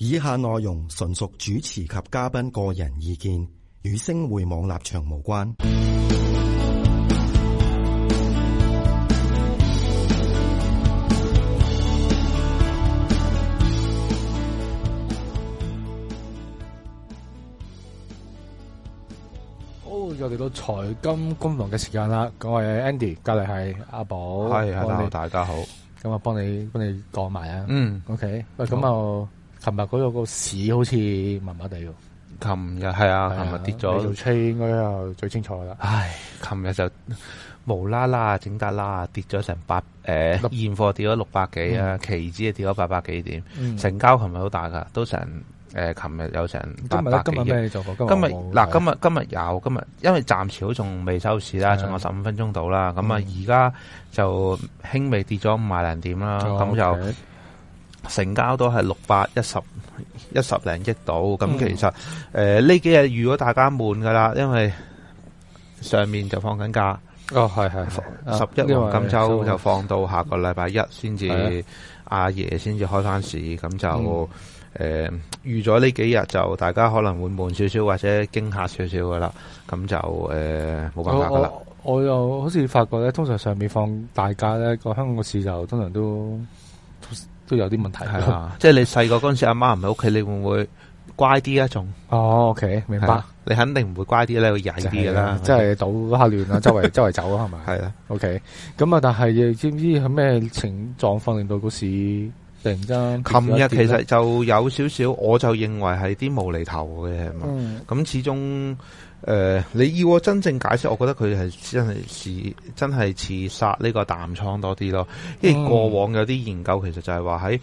以下內容純屬主持及嘉賓個人意見，與星匯網立場無關。好，又嚟到財金工房嘅時間啦！各位 Andy，隔籬係阿寶，係係，大家好。咁啊，幫你幫你講埋啊。嗯、mm.，OK。喂，咁啊。琴日嗰度個市好似麻麻地喎，琴日係啊，琴日跌咗。你做應該又最清楚啦。唉，琴日就無啦啦整得啦，跌咗成百誒，現貨跌咗六百幾啊，期指啊跌咗八百幾點，成交琴日好大噶，都成誒，琴日有成八百幾億。今日咧，今日今日嗱，今日今日有今日，因為暫時仲未收市啦，仲有十五分鐘到啦。咁啊，而家就輕微跌咗五十零點啦，咁就。成交都係六百一十一十零億度，咁其實誒呢、嗯呃、幾日如果大家悶噶啦，因為上面就放緊假。哦，係係，啊、十一黃金周就放到下個禮拜一先至，阿爺先至開翻市，咁就誒、嗯呃、預咗呢幾日就大家可能會悶少少或者驚吓少少噶啦，咁就誒冇辦法噶啦。我又好似發覺咧，通常上面放大假咧，個香港個市就通常都。都有啲問題咯、啊， 即係你細個嗰陣時，阿媽唔喺屋企，你會唔會乖啲啊？仲哦，OK，明白。啊、你肯定唔會乖啲咧，會曳啲噶啦，即係倒下亂啦， 周圍周圍走 吧啊，係咪？係啦，OK。咁啊，但係知唔知係咩情狀況令到股市？唔得。琴日其實就有少少，嗯、我就認為係啲無厘頭嘅，咁、嗯、始終，誒、呃，你要我真正解釋，我覺得佢係真係似真係似殺呢個淡倉多啲咯。因為過往有啲研究，其實就係話喺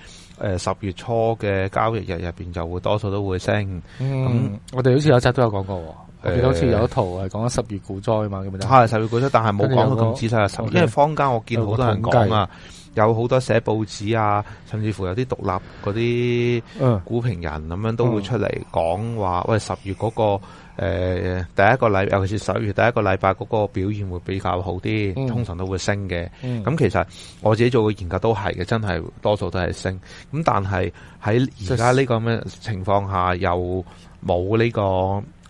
誒十月初嘅交易日入邊，就會多數都會升。嗯嗯、我哋好似有一集都有講過，呃、我哋好似有一圖係講緊十月股災嘛，咁係十月股災，但係冇講到咁仔細，因為坊間我見到好 okay, 多人講啊。有好多寫報紙啊，甚至乎有啲獨立嗰啲股評人咁樣都會出嚟講話，嗯、喂十喂月嗰、嗰個、呃、第一個禮，尤其是十一月第一個禮拜嗰個表現會比較好啲，嗯、通常都會升嘅。咁、嗯、其實我自己做嘅研究都係嘅，真係多數都係升。咁但係喺而家呢個咁嘅情況下，就是、又冇呢個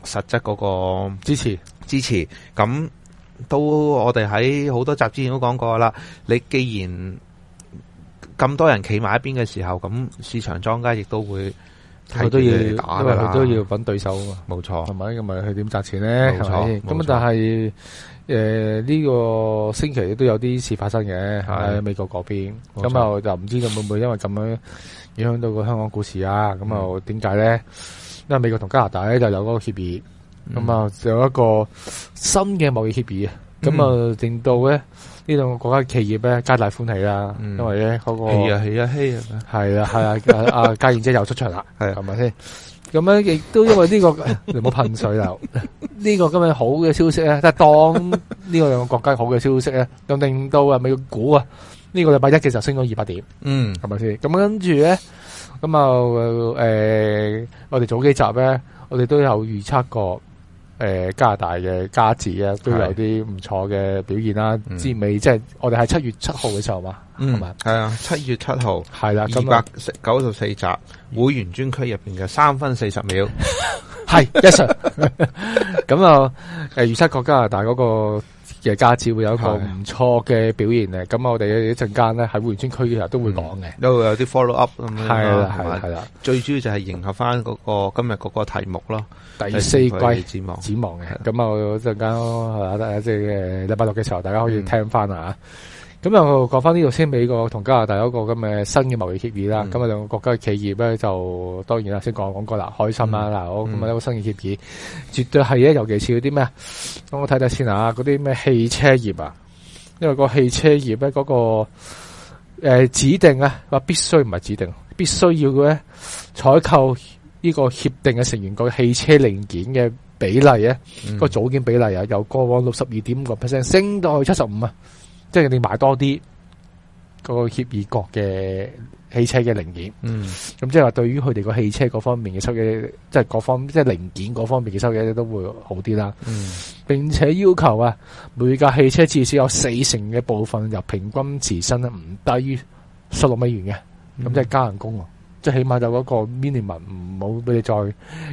實質嗰個支持支持，咁都我哋喺好多集之前都講過啦。你既然咁多人企埋一邊嘅時候，咁市場莊家亦都會，佢都要打噶，因為佢都要揾對手啊嘛。冇錯，係咪？咁咪佢點賺錢咧？冇錯。咁啊，但係，誒，呢個星期咧都有啲事發生嘅，喺美國嗰邊。咁啊，就唔知佢會唔會因為咁樣影響到個香港股市啊？咁啊，點解咧？因為美國同加拿大咧就有嗰個協議，咁啊，有一個新嘅貿易協議啊，咁啊，令到咧。呢兩個國家企業咧皆大歡喜啦、啊，嗯、因為咧、那、嗰個起啊起啊起係啦係啊，阿嘉燕姐又出場啦，係係咪先？咁咧亦都因為呢、這個你唔好噴水啦，呢、這個今日好嘅消息咧，但係當呢個兩個國家好嘅消息咧，又令到啊美股啊，呢、這個禮拜一嘅就升咗二百點，嗯係咪先？咁跟住咧，咁啊誒，我哋早幾集咧，我哋都有預測過。誒、呃，加拿大嘅加紙啊，都有啲唔錯嘅表現啦。至尾即係我哋係七月七號嘅時候嘛，係咪？係啊、嗯，七吧月七號係啦，二百九十四集會員專區入邊嘅三分四十秒，係 yes sir 咁啊！誒，預測加拿大嗰、那個。嘅價值會有一個唔錯嘅表現嘅，咁是的 我哋一陣間咧喺會員專區嘅時候都會講嘅，都會、嗯、有啲 follow up 咁樣咯、啊，係啦係啦，有最主要就係迎合翻、那、嗰個今日嗰個題目咯，第四季展望展望嘅，咁啊一陣間係嘛，即係誒禮拜六嘅時候大家可以聽翻、嗯、啊。咁又講翻呢度先，美國同加拿大有個咁嘅新嘅貿易協議啦。咁啊、嗯，兩個國家嘅企業咧，就當然啦，先講講過啦，開心啦，嗱、嗯，好咁啊，呢個新嘅協議，絕對係啊，尤其是嗰啲咩，我睇睇先啊，嗰啲咩汽車業啊，因為個汽車業咧、那個，嗰、呃、個指定啊，話必須唔係指定，必須要嘅咧，採購呢個協定嘅成員個汽車零件嘅比例咧，嗯、個組件比例啊，由過往六十二點五個 percent 升到去七十五啊。即係你買多啲嗰個協議國嘅汽車嘅零件，咁、嗯、即係話對於佢哋個汽車嗰方面嘅收嘅，即、就、係、是、各方即係、就是、零件嗰方面嘅收益都會好啲啦。嗯、並且要求啊，每架汽車至少有四成嘅部分由平均時薪咧，唔低於十六美元嘅，咁、嗯、即係加人工啊，嗯、即係起碼就嗰個 minimum 唔好俾你再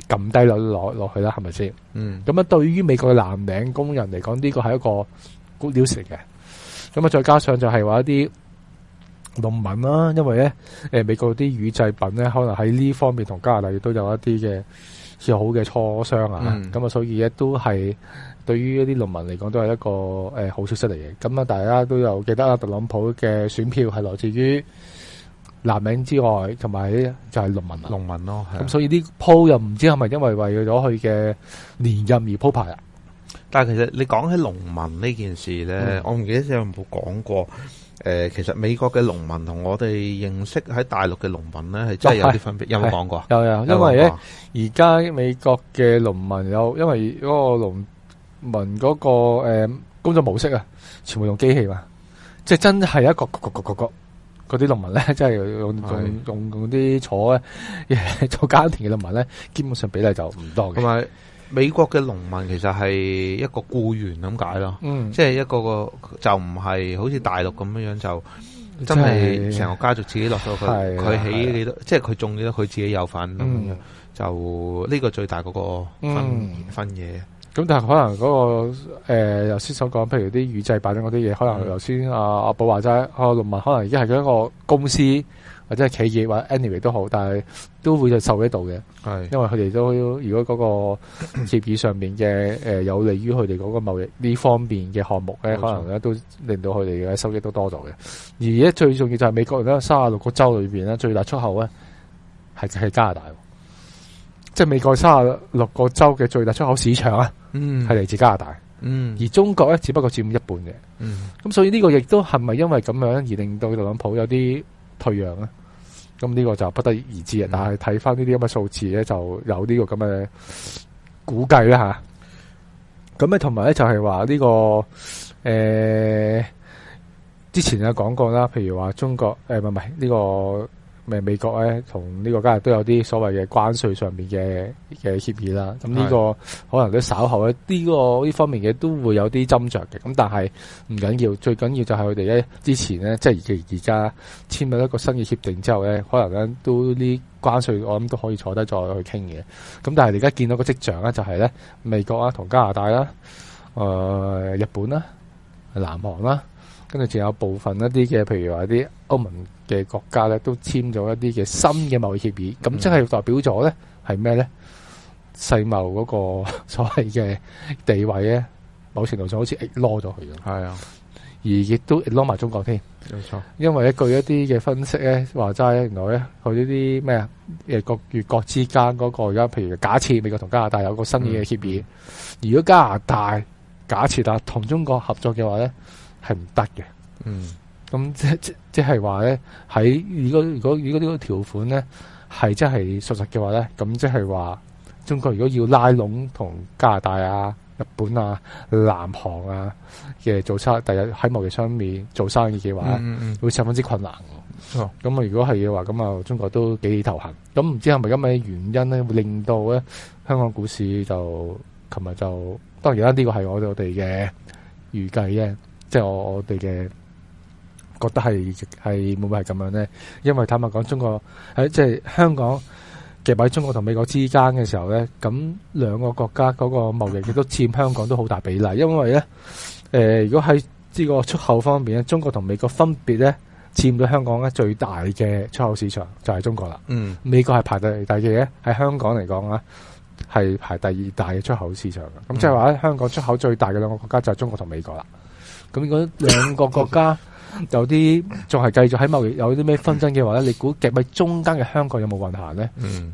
撳低落落落去啦，係咪先？嗯，咁啊，對於美國嘅藍領工人嚟講，呢、這個係一個 good news 嘅。咁啊，再加上就係話一啲農民啦、啊，因為咧，誒，美國啲乳製品咧，可能喺呢方面同加拿大亦都有一啲嘅較好嘅磋商啊。咁啊，所以咧都係對於一啲農民嚟講，都係一個誒好消息嚟嘅。咁、呃、啊，大家都有記得啊，特朗普嘅選票係來自於南面之外，同埋就係農民啊，農民咯、哦。咁所以呢鋪又唔知係咪因為為咗佢嘅連任而鋪排啊？但係其實你講起農民呢件事咧，嗯、我唔記得有冇講過。誒、呃，其實美國嘅農民同我哋認識喺大陸嘅農民咧，係真係有啲分別。哦、有冇講過？有有，有有，因為咧，而家美國嘅農民有，因為嗰個農民嗰、那個誒、呃、工作模式啊，全部用機器嘛，即、就、係、是、真係一個國國國國嗰啲農民咧，即係用用是的 用用啲坐誒做家庭嘅農民咧，基本上比例就唔多嘅。美國嘅農民其實係一個僱員咁解咯，即係一個個就唔係好似大陸咁樣樣，就真係成個家族自己落到去。佢起幾多，即係佢種幾多，佢自己有份咁樣。就呢個最大嗰個分分嘢、嗯。咁、嗯嗯嗯嗯嗯、但係可能嗰、嗰個誒，頭先、呃、所講，譬如啲雨制擺緊嗰啲嘢，可能頭先阿阿寶話齋，阿農民可能而家係一個公司。即係企業或 anyway 都好，但係都會受喺到嘅，係是的 因為佢哋都如果嗰個協議上面嘅誒、 呃，有利於佢哋嗰個貿易呢方面嘅項目咧，沒錯 可能咧都令到佢哋嘅收益都多咗嘅。而咧最重要就係美國咧，三十六個州裏邊咧，最大出口咧係係加拿大，即係美國三十六個州嘅最大出口市場啊，係嚟、嗯、自加拿大，嗯，而中國咧只不過佔一半嘅，嗯，咁所以呢個亦都係咪因為咁樣而令到特朗普有啲退讓咧？咁呢個就不得而知人，但係睇翻呢啲咁嘅數字咧，就有呢個咁嘅估計啦吓。咁咧、這個，同埋咧就係話呢個誒，之前有講過啦，譬如話中國誒，唔係唔係呢個。咪美國咧，同呢個加拿大都有啲所謂嘅關稅上面嘅嘅協議啦。咁呢個可能都稍後咧，呢個呢方面嘅都會有啲斟酌嘅。咁但係唔緊要，最緊要就係佢哋咧之前咧，即係而而家簽咗一個新嘅協定之後咧，可能咧都呢關稅我諗都可以坐低再去傾嘅。咁但係而家見到個跡象咧，就係咧美國啊，同加拿大啦，呃，日本啦，南韓啦。跟住仲有部分一啲嘅，譬如話啲歐盟嘅國家咧，都簽咗一啲嘅新嘅貿易協議，咁、嗯、即係代表咗咧，係咩咧？世貿嗰個所謂嘅地位咧，某程度上好似 ignore 咗佢咁。係啊，而亦都 ignore 埋中國添。冇錯，因為據一啲嘅分析咧，話齋原來咧，佢呢啲咩啊？誒國與國之間嗰個而家，譬如假設美國同加拿大有個新嘅協議，嗯、如果加拿大假設啊同中國合作嘅話咧。係唔得嘅，嗯，咁即即即係話咧，喺如果如果如果呢個條款咧係真係屬實嘅話咧，咁即係話中國如果要拉攏同加拿大啊、日本啊、南韓啊嘅做商，第日喺貿易上面做生意嘅話呢，嗯嗯嗯會十分之困難。咁啊，如果係嘅話，咁啊，中國都幾頭痕。咁唔知係咪今日原因咧，會令到咧香港股市就琴日就當然啦，呢個係我哋嘅預計啫。即係我哋嘅覺得係係會唔會係咁樣咧？因為坦白講，中國喺即係香港夾喺中國同美國之間嘅時候咧，咁兩個國家嗰個貿易亦都佔香港都好大比例。因為咧，誒、呃，如果喺呢個出口方面咧，中國同美國分別咧佔到香港咧最大嘅出口市場就係中國啦。嗯，美國係排第二大嘅喺香港嚟講啊，係排第二大嘅出口市場嘅。咁即係話喺香港出口最大嘅兩個國家就係中國同美國啦。咁如果兩個國家有啲仲係繼續喺貿易有啲咩紛爭嘅話咧，你估夾喺中間嘅香港有冇運行咧？嗯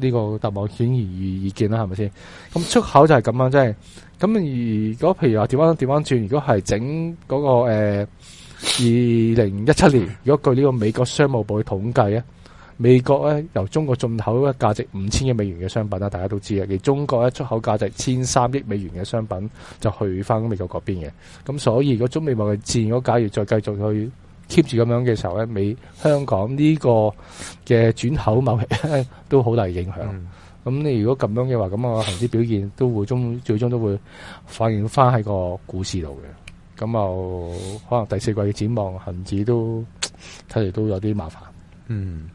特，呢個答案顯而易見啦，係咪先？咁出口就係咁樣，即係咁。如果譬如話調翻調翻轉，如果係整嗰個誒二零一七年，如果據呢個美國商務部嘅統計咧。美國咧由中國進口嘅價值五千億美元嘅商品啦，大家都知啦。而中國咧出口價值千三億美元嘅商品就去翻美國嗰邊嘅。咁所以如果中美貿易戰，如果假如再繼續去 keep 住咁樣嘅時候咧，美香港呢個嘅轉口貿易都好大影響。咁你、嗯、如果咁樣嘅話，咁個恒指表現都會終最終都會反映翻喺個股市度嘅。咁就可能第四季嘅展望恒指都睇嚟都有啲麻煩。嗯。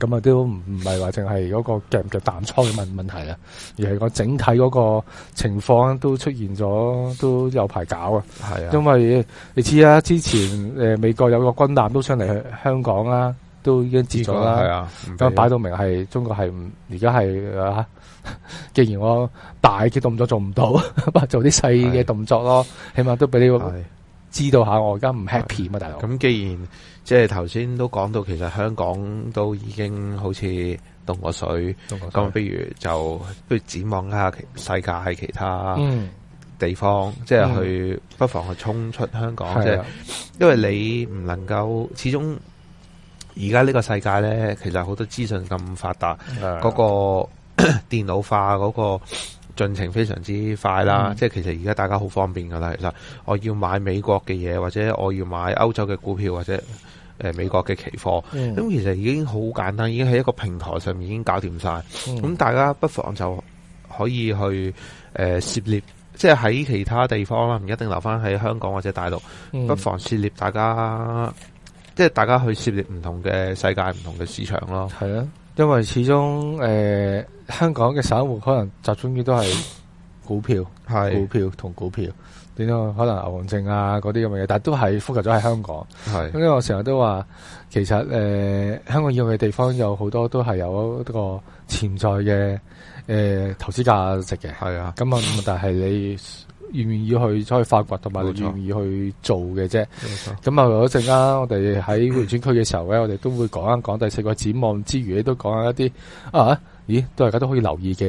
咁啊，都唔唔係話淨係嗰個夾唔夾彈倉嘅問問題啦，而係個整體嗰個情況都出現咗，都有排搞是啊。係啊，因為你知啦，之前誒、呃、美國有個軍艦都上嚟香港啦，都已經知咗啦。係啊，咁擺到明係中國係唔而家係啊。既然我大嘅動作做唔到，不如 做啲細嘅動作咯，是的 起碼都俾你。知道下我而家唔 happy 大佬。咁既然即係頭先都講到，其實香港都已經好似凍過水，咁不如就不如展望一下世界喺其他地方，嗯、即係去、嗯、不妨去衝出香港，即係的，因為你唔能夠始終而家呢個世界咧，其實好多資訊咁發達，嗰個電腦化嗰個。 進程非常之快啦，嗯、即係其實而家大家好方便噶啦，其實我要買美國嘅嘢，或者我要買歐洲嘅股票，或者、呃、美國嘅期貨，咁、嗯、其實已經好簡單，已經喺一個平台上面已經搞掂晒。咁、嗯、大家不妨就可以去、呃、涉獵，即係喺其他地方啦，唔一定留返喺香港或者大陸，嗯、不妨涉獵大家，即係大家去涉獵唔同嘅世界、唔同嘅市場咯。係啊，因為始終誒，呃香港嘅散戶可能集中於都係股票，係是股票同股票，點樣可能牛熊證啊嗰啲咁嘅嘢，但係都係覆及咗喺香港。係咁是，因為我成日都話，其實誒、呃，香港要嘅地方有好多，都係有一個潛在嘅誒、呃、投資價值嘅。係啊，咁啊，但係你願唔願意去再去發掘，同埋你願意去做嘅啫。咁啊錯，一陣間我哋喺回轉區嘅時候咧， 我哋都會講一講第四季展望之餘，都講下一啲啊。咦，都大家都可以留意嘅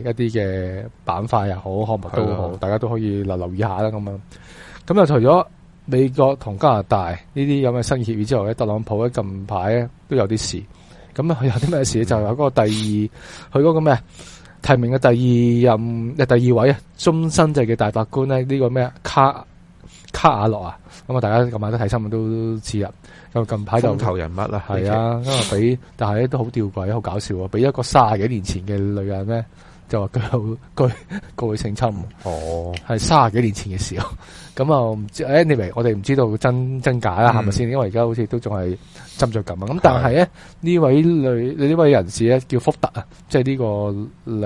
一啲嘅板塊又好，項目都好，的大家都可以留留意下啦、啊。咁樣，咁啊除咗美國同加拿大呢啲咁嘅新協議之外咧，特朗普咧近排咧都有啲事。咁咧佢有啲咩事咧？就有、是、嗰個第二，佢嗰、嗯、個咩提名嘅第二任、嗯、第二位啊，終身制嘅大法官咧，呢、呢個咩卡。卡阿洛啊，咁啊，大家今晚都睇新聞都知啦。又近排就風頭人物啦，係啊，因為俾、嗯、但係咧都好吊詭，好搞笑啊！俾一個卅幾年前嘅女人咧，就話佢有佢過去性侵，哦，係卅幾年前嘅事咯。咁啊，唔知 Anyway，我哋唔知道真真假啦，係咪先？因為而家好似都仲係斟酌咁啊。咁但係咧，呢位女呢位人士咧叫福特啊，即係呢個誒女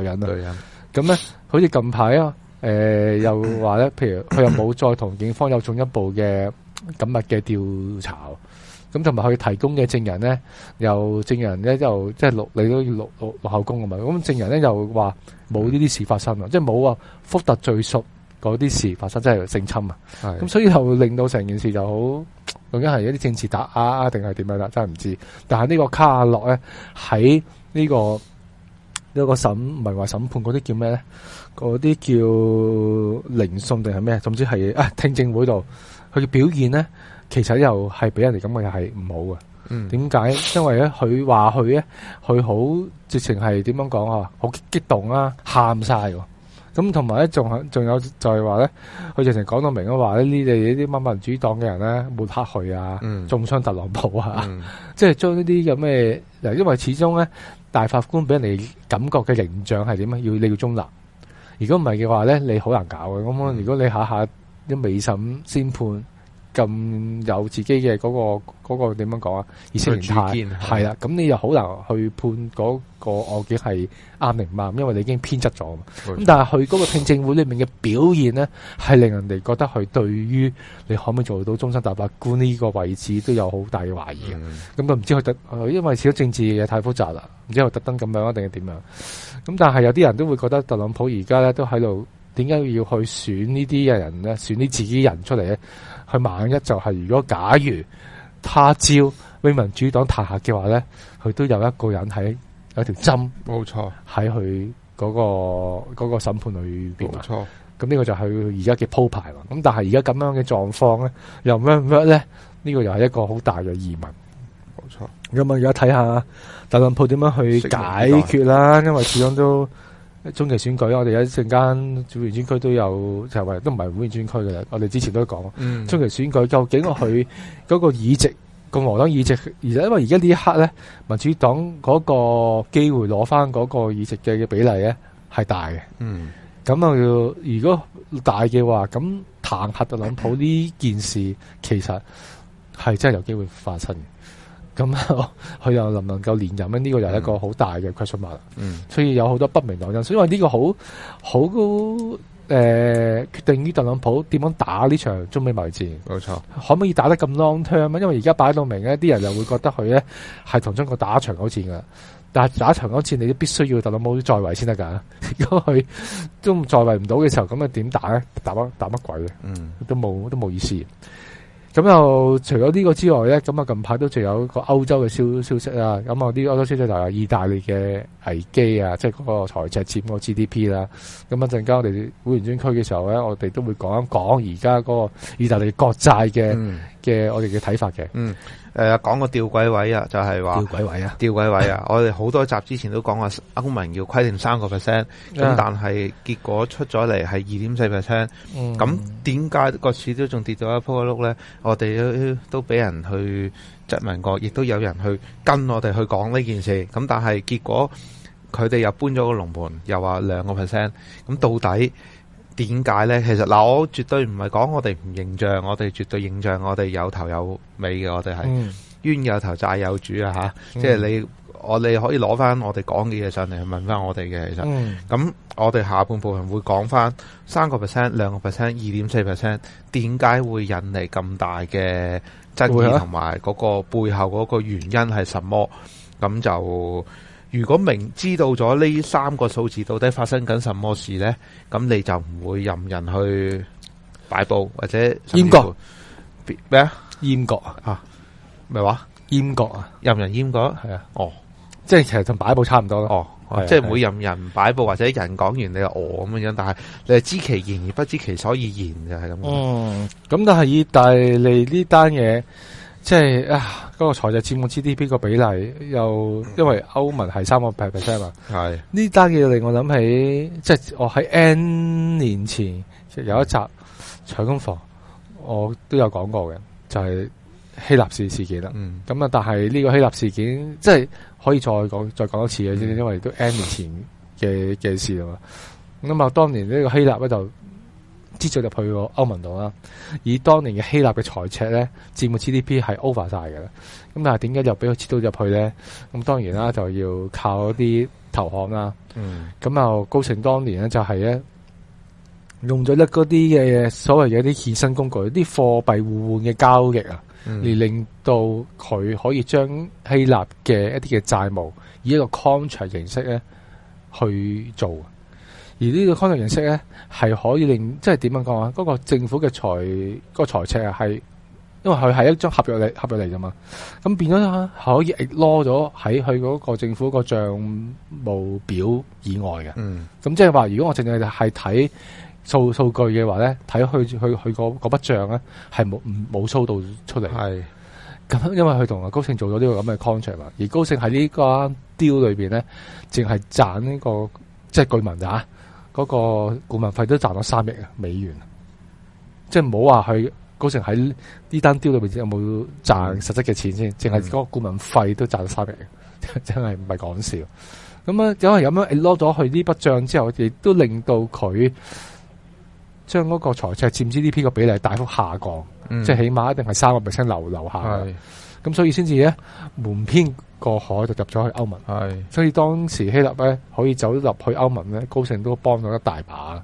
人啊。女人咁咧，好似近排啊。誒、呃，又話咧，譬如佢又冇再同警方有進一步嘅緊密嘅調查，咁同埋佢提供嘅證人咧，又證人咧又即係錄，你都要錄錄落口供㗎嘛？咁證人咧又話冇呢啲事發生啊、嗯，即係冇啊，福特敘述嗰啲事發生即係性侵啊，咁是的 所以又令到成件事就好究竟係一啲政治打壓啊，定係點樣啦？真係唔知。但係呢個卡瓦諾，咧喺呢個。一個審唔係話審判嗰啲叫咩咧？嗰啲叫聆訊定係咩？總之係啊聽證會度，佢嘅表現咧，其實又係俾人哋感覺又係唔好嘅。點解？因為咧，佢話佢咧，佢好直情係點樣講啊？好激動啊，喊晒咁，同埋咧，仲係仲有就係話咧，佢直情講到明啊，話咧呢啲啲乜民主黨嘅人咧抹黑佢啊，中傷特朗普啊，即係將呢啲咁嘅嗱，因為始終咧。大法官俾人哋感覺嘅形象係點啊？要你要中立，如果唔係嘅話咧，你好難搞嘅。咁啊，如果你下下都未審先判。咁有自己嘅嗰個嗰個點樣講啊？意識形態係啦，咁你又好難去判嗰個案件係啱定唔啱，因為你已經偏執咗嘛。咁錯但係佢嗰個聽證會裏面嘅表現呢，係令人哋覺得佢對於你可唔可以做到終身大法官呢個位置都有好大嘅懷疑。咁佢唔知佢特，因為始終政治嘅嘢太複雜啦，唔知佢特登咁樣定係點樣。咁但係有啲人都會覺得特朗普而家咧都喺度。點解要去選這些人呢啲嘅人咧？選啲自己人出嚟咧，佢萬一就係如果假如他朝威民主黨彈劾嘅話咧，佢都有一個人喺有條針，冇錯喺佢嗰個嗰個審判裏邊。冇錯。咁呢個就係佢而家嘅鋪排啦。咁但係而家咁樣嘅狀況咧，又咩咩咧？呢個又係一個好大嘅疑問。冇錯。咁啊，而家睇下特朗普點樣去解決啦？因為始終都。中期選舉，我哋一陣間會員專區都有，就係話都唔係會員專區嘅啦。我哋之前都講，嗯、中期選舉究竟佢嗰個議席共和黨議席，而因為而家呢一刻咧，民主黨嗰個機會攞翻嗰個議席嘅比例咧係大嘅。嗯，咁又要如果大嘅話，咁彈劾特朗普呢件事其實係真係有機會發生嘅。咁佢又能唔能夠連任咧？呢個又係一個好大嘅 question mark，嗯嗯所。所以有好多不明原因。所以呢個好好誒決定於特朗普點樣打呢場中美貿戰。冇錯，可唔可以打得咁 long term 咧？因為而家擺到明呢啲人就會覺得佢咧係同中國打長久戰㗎。但係打長久戰，你都必須要特朗普在位先得㗎。如果佢都在位唔到嘅時候，咁啊點打咧？打乜打乜鬼嘅？嗯，都冇都冇意思。咁又除咗呢個之外咧，咁啊近排都仲有一個歐洲嘅消消息啦，咁啊啲歐洲消息就係意大利嘅危機啊，即係嗰個財赤佔個 GDP 啦。咁一陣間我哋會員專區嘅時候咧，我哋都會講一講而家嗰個意大利國債嘅嘅、嗯、我哋嘅睇法嘅。嗯誒講個吊詭位啊，就係話吊詭位啊，吊詭位啊！ 我哋好多集之前都講話歐盟要規定三個 percent，咁但係結果出咗嚟係二點四 percent，咁點解個市都仲跌咗一鋪碌咧？我哋都都俾人去質問過，亦都有人去跟我哋去講呢件事，咁但係結果佢哋又搬咗個龍門，又話兩個 percent，咁到底？點解呢？其實嗱，我絕對唔係講我哋唔認賬，我哋絕對認賬。我哋有頭有尾嘅，我哋係、嗯、冤有頭債有主啊！吓，嗯、即係你我你可以攞翻我哋講嘅嘢上嚟去問翻我哋嘅，其實咁、嗯、我哋下半部分會講翻三個 percent、兩個 percent、二點四 percent，點解會引嚟咁大嘅爭議同埋嗰個背後嗰個原因係什麼？咁就。如果明知道咗呢三個數字到底發生緊什麼事咧，咁你就唔會任人去擺布或者閹割咩啊？閹割閣啊？吓、哦，咪話閹割啊？任人閹割係啊？哦，即係其實同擺布差唔多咯。哦，即係唔會任人擺布、啊啊、或者人講完你話我咁樣，但係你係知其言而不知其所以然就係、是、咁。嗯，咁但係意大利呢單嘢。即係啊，嗰、那個財政佔 GDP 個比例又，又因為歐盟係三個 percent 啊，係呢單嘢令我諗起，即係我喺 N 年前有一集財金工房，我都有講過嘅，就係、是、希臘事事件啦。嗯，咁啊，但係呢個希臘事件，即係可以再講再講一次嘅，因為都 N 年前嘅嘅事啦。咁啊，當年呢個希臘呢就，切咗入去個歐盟度啦，以當年嘅希臘嘅財赤咧，佔個 GDP 係 over 晒嘅啦。咁但係點解又俾佢切到入去咧？咁當然啦，就要靠一啲投行啦。咁啊，高盛當年咧就係咧，用咗一嗰啲嘅所謂嘅一啲衍生工具、啲貨幣互換嘅交易啊，嚟、嗯、令到佢可以將希臘嘅一啲嘅債務以一個 contract 形式咧去做。而呢個 contract 形式咧，係可以令即係點樣講啊？嗰、嗰個政府嘅財、個財赤啊，係因為佢係一張合約嚟合約嚟啫嘛。咁變咗可以攞咗喺佢嗰個政府個賬務表以外嘅。嗯，咁即係話如果我淨係係睇數數據嘅話咧，睇去去去個嗰筆帳咧，係冇唔冇數到出嚟。係咁，因為佢同高盛做咗呢個咁嘅 contract 嘛。而高盛喺呢、呢個雕裏邊咧，淨係賺呢個即係巨文啊！嗰個顧問費都賺咗三億美元，即係唔好話佢高盛喺呢單 deal 裏面裏邊有冇賺實質嘅錢先，淨係嗰個顧問費都賺咗三億，真係唔係講笑。咁啊，因為咁樣你攞咗佢呢筆賬之後，亦都令到佢將嗰個財赤佔資呢篇嘅比例大幅下降，嗯、即係起碼一定係三個 percent 留留下。咁所以先至咧，瞞天過海就入咗去歐盟。係是，所以當時希臘咧可以走入去歐盟咧，高盛都幫到一大把。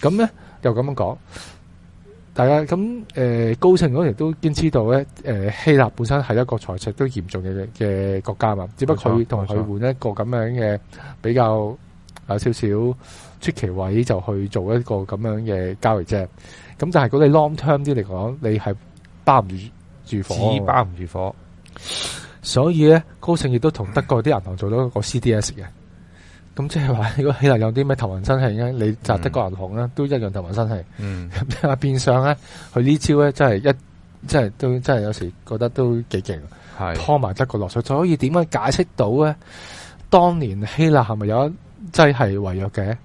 咁咧又咁樣講，大家咁、呃、高盛嗰時都堅知道咧、呃，希臘本身係一個財赤都嚴重嘅嘅國家啊。只不過佢同佢換一個咁樣嘅比，錯錯比較有少少出奇位，就去做一個咁樣嘅交易啫。咁但係如果你 long term 啲嚟講，你係包唔住。紙包唔住火，所以咧，高盛亦都同德國啲銀行做咗個 CDS 嘅。咁即係話，如果希臘有啲咩頭暈身㷫，你集德國銀行咧都一樣頭暈身㷫。嗯 變相咧，佢呢招咧真係一，真係都真係有時覺得都幾勁。係拖埋德國落水，所以點樣解釋到咧？當年希臘係咪有一劑係違約嘅，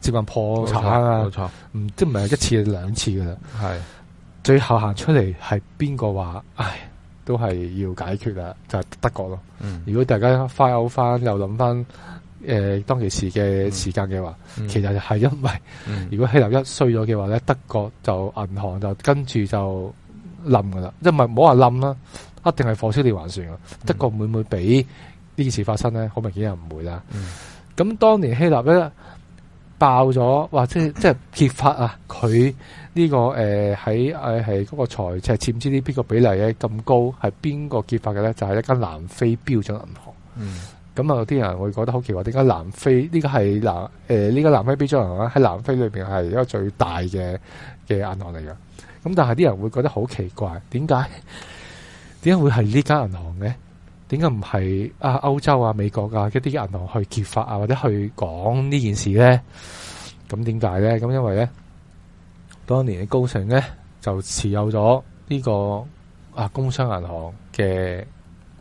接近破產啊？冇錯，唔即唔係一次兩次噶啦，係。最後行出嚟，係邊個話？唉，都係要解決啦，就係、是、德國咯。嗯、如果大家翻 out 翻又諗翻，誒、呃、當其時嘅時間嘅話，嗯、其實係因為、嗯、如果希臘一衰咗嘅話咧，德國就銀行就跟住就冧噶啦，嗯、因係唔係唔好話冧啦，一定係火燒連環船啊！嗯、德國會唔會俾呢件事發生咧？好明顯係唔會啦。咁、嗯、當年希臘一。爆咗，哇！即係即係揭發啊，佢呢、這個誒喺誒係嗰個財赤欠資呢邊個比例嘅咁高，係邊個揭發嘅咧？就係、是、一間南非標準銀行。嗯，咁啊，有啲人會覺得好奇怪，點解南非呢、這個係南？誒、呃，呢、這個南非標準銀行咧，喺南非裏面係一個最大嘅嘅銀行嚟嘅。咁但係啲人會覺得好奇怪，點解點解會係呢間銀行呢？點解唔係啊歐洲啊美國啊一啲銀行去揭發啊，或者去講呢件事咧？咁點解咧？咁、啊、因為咧當年嘅高盛咧就持有咗呢、這個啊工商銀行嘅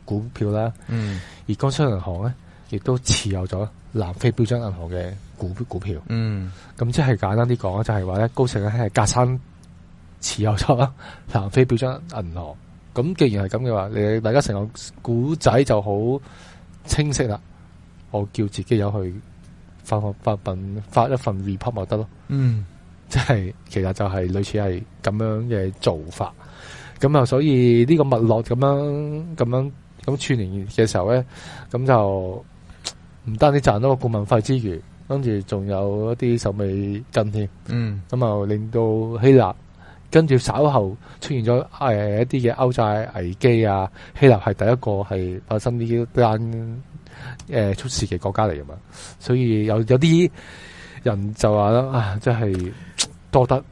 股票啦。嗯。而工商銀行咧亦都持有咗南非標準銀行嘅股股票。嗯。咁即係簡單啲講，就係話咧高盛，咧係隔山持有咗南非標準銀行。咁既然係咁嘅話，你大家成個古仔就好清晰啦。我叫自己有去發發份發一份 report 咪得咯。嗯，即係其實就係類似係咁樣嘅做法。咁啊，所以呢個脈絡咁樣咁樣咁串聯嘅時候咧，咁就唔單止賺到個顧問費之餘，跟住仲有一啲手尾跟添。嗯，咁啊令到希臘，跟住稍後出現咗一啲嘅歐債危機啊，希臘係第一個係發生呢啲單出事嘅國家嚟啊嘛，所以有有啲人就話啦啊，真係多得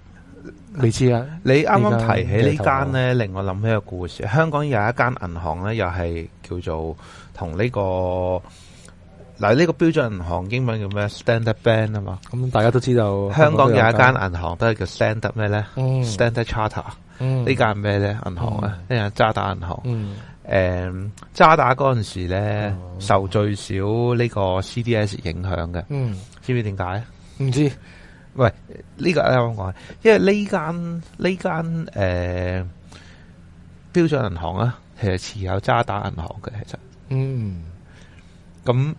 你知啊！你啱啱提起呢間咧，令我諗起個故事。香港有一間銀行咧，又係叫做同呢、呢個。嗱，呢個標準銀行英文叫咩？Standard Bank 啊嘛，咁大家都知道。香港，香港有一間銀行都係叫 stand 呢、嗯、Standard 咩咧？Standard Charter、嗯。呢間咩咧？銀行啊，呢間、嗯、渣打銀行。誒、嗯嗯，渣打嗰陣時咧、嗯、受最少呢個 CDS 影響嘅。嗯，知唔知點解？唔知。喂，呢、呢個咧，我講因為呢間呢間誒標準銀行啊，其實持有渣打銀行嘅，其實嗯，咁、嗯。嗯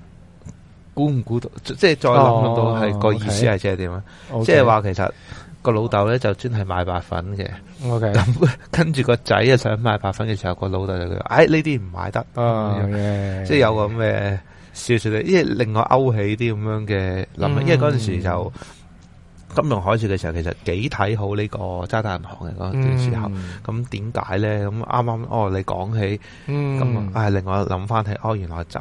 估唔估到？即係再諗到係個、oh, okay. 意思係即係點啊？即係話其實個老豆咧就專係賣白粉嘅，咁 Okay.、嗯、跟住個仔啊想買白粉嘅時候，個老豆就佢，哎呢啲唔買得，即係有咁嘅少少嘅，令我 mm. 因為另外勾起啲咁樣嘅諗，因為嗰陣時就金融海嘯嘅時候，其實幾睇好呢個渣打銀行嘅嗰段時候。咁點解咧？咁啱啱哦，你講起，咁啊、mm. 哎，另外諗翻起，哦，原來集。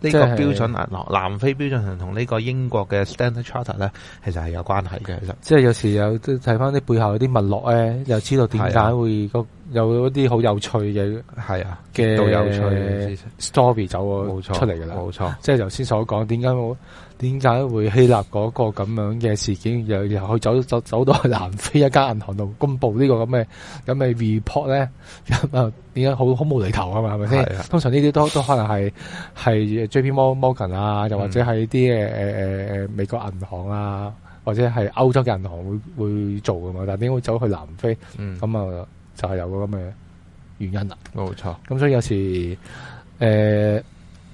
呢個標準，銀行是，南非標準銀行同呢個英國嘅 Standard Charter 咧，其實係有關係嘅。其實即係有時有都睇翻啲背後啲脈絡咧，是的 又知道點解會個。有嗰啲好有趣嘅係啊嘅的有趣 story 走事錯出嚟㗎啦，冇錯錯。即係頭先所講，點解我點解會希臘嗰個咁、那個、樣嘅事件，又又去走走走到去南非一間銀行度公佈、這個這個這個這個、呢個咁嘅咁嘅 report 咧？咁點解好好無厘頭啊嘛？係咪先？啊、通常呢啲都都可能係係 JP Morgan 啊，又或者係啲誒美國銀行啊，或者係歐洲嘅銀行會會做㗎嘛？但係點解會走去南非？咁、嗯、啊。就有個咁嘅原因啦，冇錯。咁所以有時，誒、呃、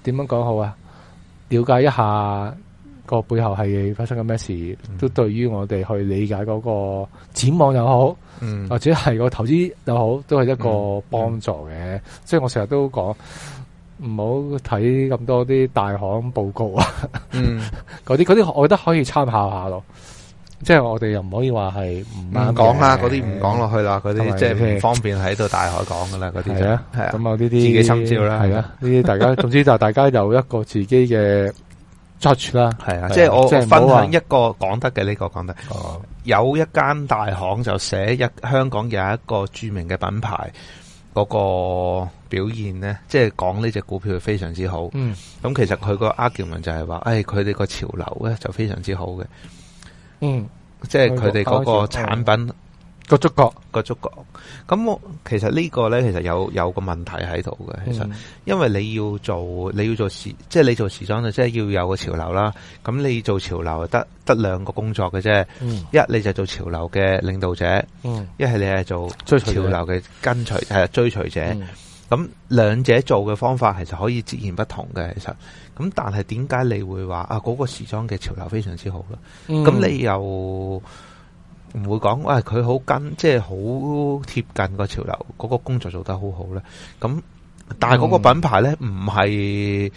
點樣講好啊？了解一下個背後係發生緊咩事，嗯、都對於我哋去理解嗰個展望又好，嗯、或者係個投資又好，都係一個幫助嘅。嗯、所以我成日都講，唔好睇咁多啲大行報告啊。嗯， 嗰啲嗰啲，我覺得可以參考下咯。即係我哋又唔可以話係唔講啦，嗰啲唔講落去啦，嗰啲即係唔方便喺度大海講噶啦，嗰啲就係啊，咁啊呢啲自己心照啦，係啊，呢啲大家，總之就大家有一個自己嘅 judge 啦，係啊，即係我分享一個講得嘅呢個講得，有一間大行就寫一香港有一個著名嘅品牌嗰個表現咧，即係講呢隻股票非常之好，咁其實佢個 argument 就係話，誒，佢哋個潮流咧就非常之好嘅。嗯，即係佢哋嗰個產品個觸角個觸角，咁我其實呢個咧，其實有有個問題喺度嘅。其實、嗯、因為你要做你要做時，即係你做時裝就即係要有個潮流啦。咁你做潮流就得得兩個工作嘅啫，嗯、一你就做潮流嘅領導者，一係、嗯、你係做追潮流嘅跟隨係追隨者。咁兩者做嘅方法，其實可以截然不同嘅。其實，咁但係點解你會話啊嗰、那個時裝嘅潮流非常之好咧？咁、嗯、你又唔會講啊？佢好跟，即係好貼近個潮流，嗰、那個工作做得好好咧。咁但係嗰個品牌咧，唔係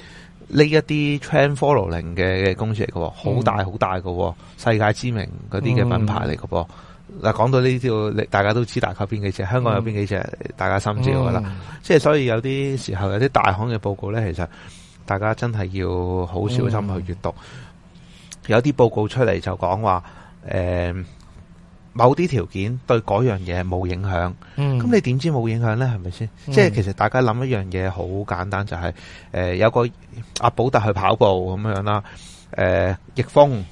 呢一啲 trend following 嘅公司嚟嘅，好大好大嘅，嗯、世界知名嗰啲嘅品牌嚟嘅噃。嗱，講到呢啲，大家都知大概邊幾隻，香港有邊幾隻，嗯、大家心照噶啦。我覺得，即係、嗯、所以有啲時候有啲大行嘅報告咧，其實大家真係要好小心去閱讀。嗯、有啲報告出嚟就講話，誒、呃，某啲條件對嗰樣嘢冇影響。咁、嗯、你點知冇影響咧？係咪先？即係、嗯、其實大家諗一樣嘢好簡單，就係、是、誒、呃，有個阿寶特去跑步咁樣啦，誒、呃，逆風。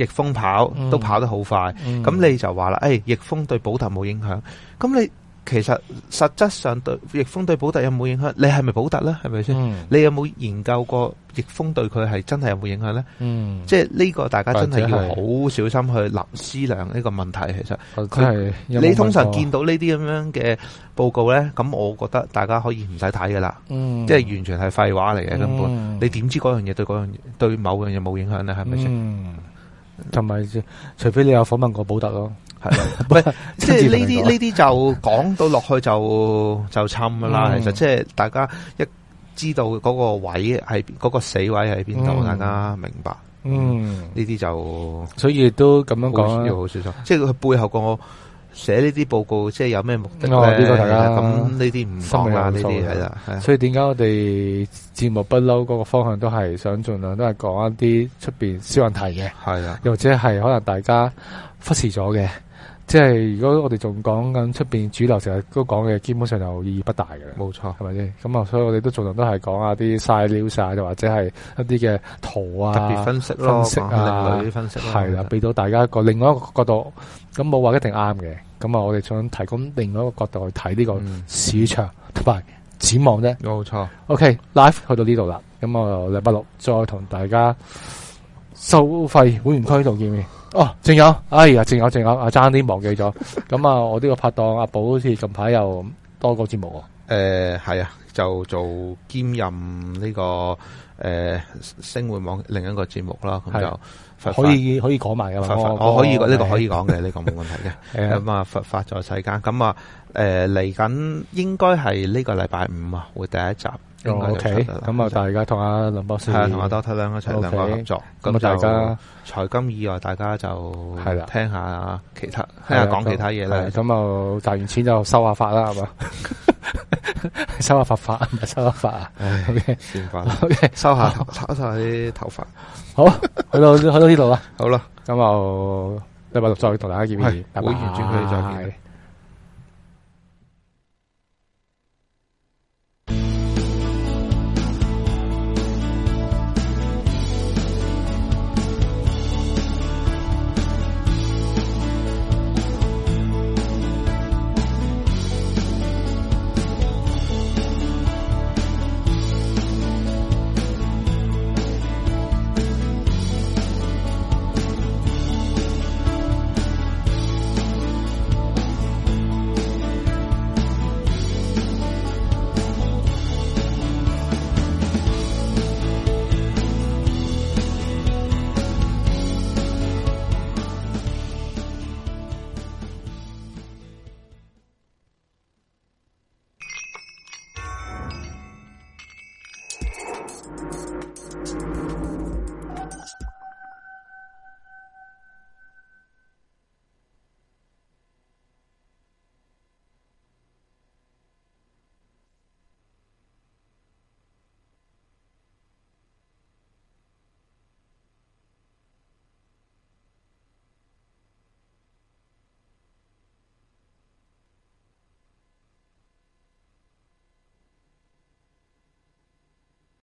逆風跑都跑得好快，咁、嗯嗯、你就話啦，誒、哎，逆風對寶特冇影響，咁你其實實質上對逆風對寶特有冇影響？你係咪寶特呢？係咪先？嗯、你有冇研究過逆風對佢係真係有冇影響呢？嗯，即係呢個大家真係要好小心去立思量呢個問題。其實佢係你通常見到呢啲咁樣嘅報告呢，咁我覺得大家可以唔使睇噶啦，嗯、即係完全係廢話嚟嘅，根本、嗯、你點知嗰樣嘢對嗰對某樣嘢冇影響呢？係咪先？嗯同埋，除非你有訪問過保德咯，係即係呢啲呢啲就講、是、 到落去就就沉噶啦。 其實即係大家一知道嗰個位喺邊，嗰 個死位喺邊度，大家 明白。 嗯，呢啲就所以都咁樣講要好少即係佢背後、嗰個。寫呢啲報告即係有咩目的咧？咁呢啲唔講啦，呢啲係啦。嗯、所以點解我哋節目不嬲嗰個方向都係想盡量都係講一啲出邊小問題嘅，係啦的，或者係可能大家忽視咗嘅。即、就、係、是、如果我哋仲講緊出邊主流成日都講嘅，基本上就意義不大嘅。冇錯錯，係咪先？咁啊，所以我哋都盡量都係講下啲細料晒，或者係一啲嘅圖啊，特別分析咯，分析啊，分析、啊。係啦，俾到大家一個另外一個角度。咁冇話一定啱嘅，咁啊，我哋想提供另外一個角度去睇呢個市場同埋展望啫。冇錯，嗯。OK，live OK，去到呢度啦，咁啊，禮拜六再同大家收費會員區度見面。哦，啊，仲有，哎呀，仲有，仲有，阿爭啲忘記咗。咁啊，我呢個拍檔阿寶好似近排又多個節目。誒，呃，係啊，就做兼任呢、這個。誒星匯網另一個節目啦，咁就可以可以講埋嘅嘛。我可以呢個可以講嘅，呢個冇問題嘅。咁啊，佛法在世間。咁啊，誒嚟緊應該係呢個禮拜五啊，會第一集。咁啊，大家同阿林博士同阿多睇兩一齊兩個合作。咁大家，財金以外，大家就係啦，聽下其他，聽下講其他嘢啦。咁啊，賺完錢就收下法啦，係嘛？收下佛法唔係收下法啊。O K，梳 下頭，擦一擦啲頭髮。 好，去到去到呢度啦。好啦，咁我禮拜六再同大家見面，我是拜會員專區再見。哎